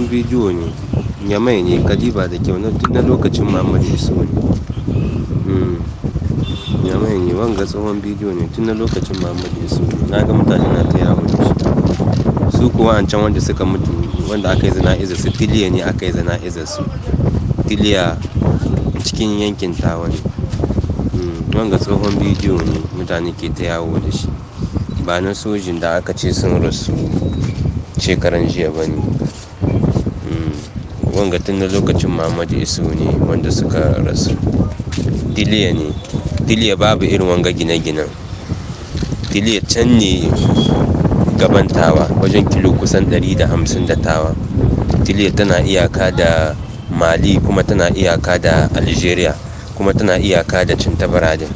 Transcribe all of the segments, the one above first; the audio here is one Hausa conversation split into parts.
tsohon bidiyo ne nyamai ne kadiba da kyau na lokacin muhammadu iso ne mai ne wanga tsohon bidiyo ne tun na lokacin muhammadu hmm. iso ne na ga mutane na ta yawo da shi su kuwa an can wanda suka mutu wanda aka yi zana izar su tiliya ne aka yi zana izar su tiliya cikin yankin tawa ne hmm. wanga tsohon bidiyo ne mutane ke ta yawo da shi ba na sojin da aka ce sun rasu shekaran jiya ba ne wanga tun da lokacin muhammadu isu ne wanda suka rasu diliya ne diliya babu irin wanga gine-ginen diliya can ne gaban tawa wajen kilo kusan 150 da da tawa diliya tana iyaka da mali kuma tana iyaka da algeria kuma tana iyaka da cintabaradin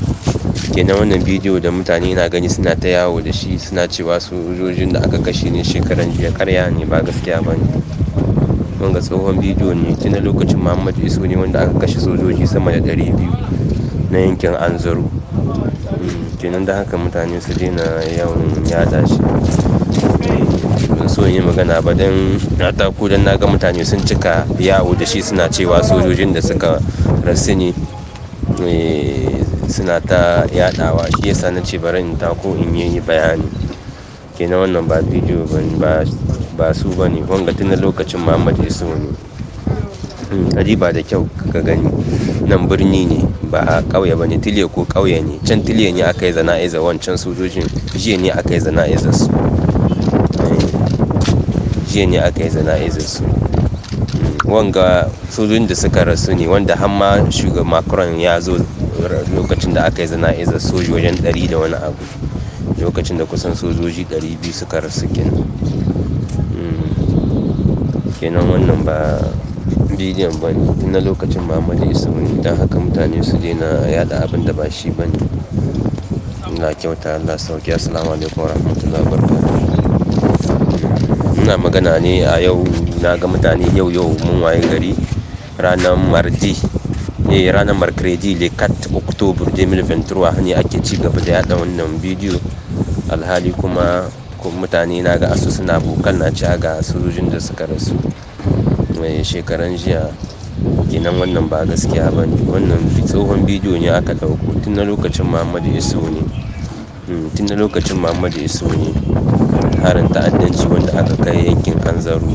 kenan wannan bidiyo da mutane na gani suna ta yawo da shi suna cewa sojojin da aka kashe ne shekaran jiya karya ne ba gaskiya ba ne ga tsohon bidiyo ne tuna lokacin muhammadu isu ne wanda aka kashe sojoji sama da 200 na yankin anzaro hmm, kenan da haka mutane su daina yawan yada shi ban so yi magana ba don na taku don ga mutane sun cika yawo da shi suna cewa sojojin da suka rasu ne eh, suna ta yadawa shi yasa na ce bari in tako in yi bayani kenan wannan ba bidiyo ba ba su ba ne wanga tun da lokacin muhammad isu ne hmm, aji ba da kyau ka gani nan birni ne ba a ƙauye ba ne tilye ko ƙauye ne can tilye ne aka yi zana'izar wancan sojojin jiya ne aka yi zana'izar su eh, jiya ne aka yi su hmm, wanga sojojin da suka rasu ne wanda hamma shugaban macron ya zo lokacin da aka yi zana'izar soji wajen ɗari da wani abu lokacin da kusan sojoji 200 suka rasu kenan kenan wannan ba bidiyon ba ne na lokacin muhammadu isu ne don haka mutane su daina yada abin da ba shi ba ne Allah kyauta Allah sauki assalamu alaikum wa ina magana ne a yau na ga mutane yau yau mun waye gari ranar mardi eh ranar markredi le kat october 2023 ne ake ci gaba da yada wannan bidiyo alhali kuma kuma mutane na ga asu suna bukan na ci ga sojojin da suka rasu mai shekaran jiya kenan wannan ba gaskiya ba ne wannan tsohon bidiyo ne aka ɗauko tun na lokacin muhammadu iso ne hmm, tun na lokacin muhammadu iso ne harin ta'addanci wanda aka kai yankin anzaru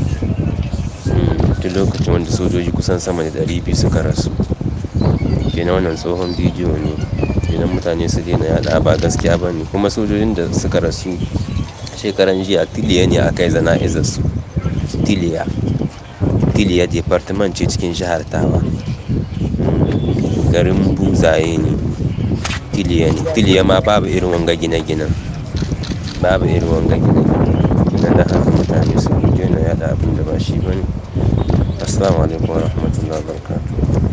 hmm, tun lokacin wanda sojoji kusan sama da ɗari biyu suka rasu kenan wannan tsohon bidiyo ne kenan mutane su daina yada ba gaskiya ba ne kuma sojojin da suka rasu shekaran jiya tiliya ne aka yi zana su tiliya tiliya department ce cikin jihar tawa garin buzaye ne tiliya ne tiliya ma babu irin wanga gine-ginen babu irin wanga gine-ginen da haka mutane su gina yada abin da ba shi ba ne assalamu alaikum warahmatullahi wabarakatuh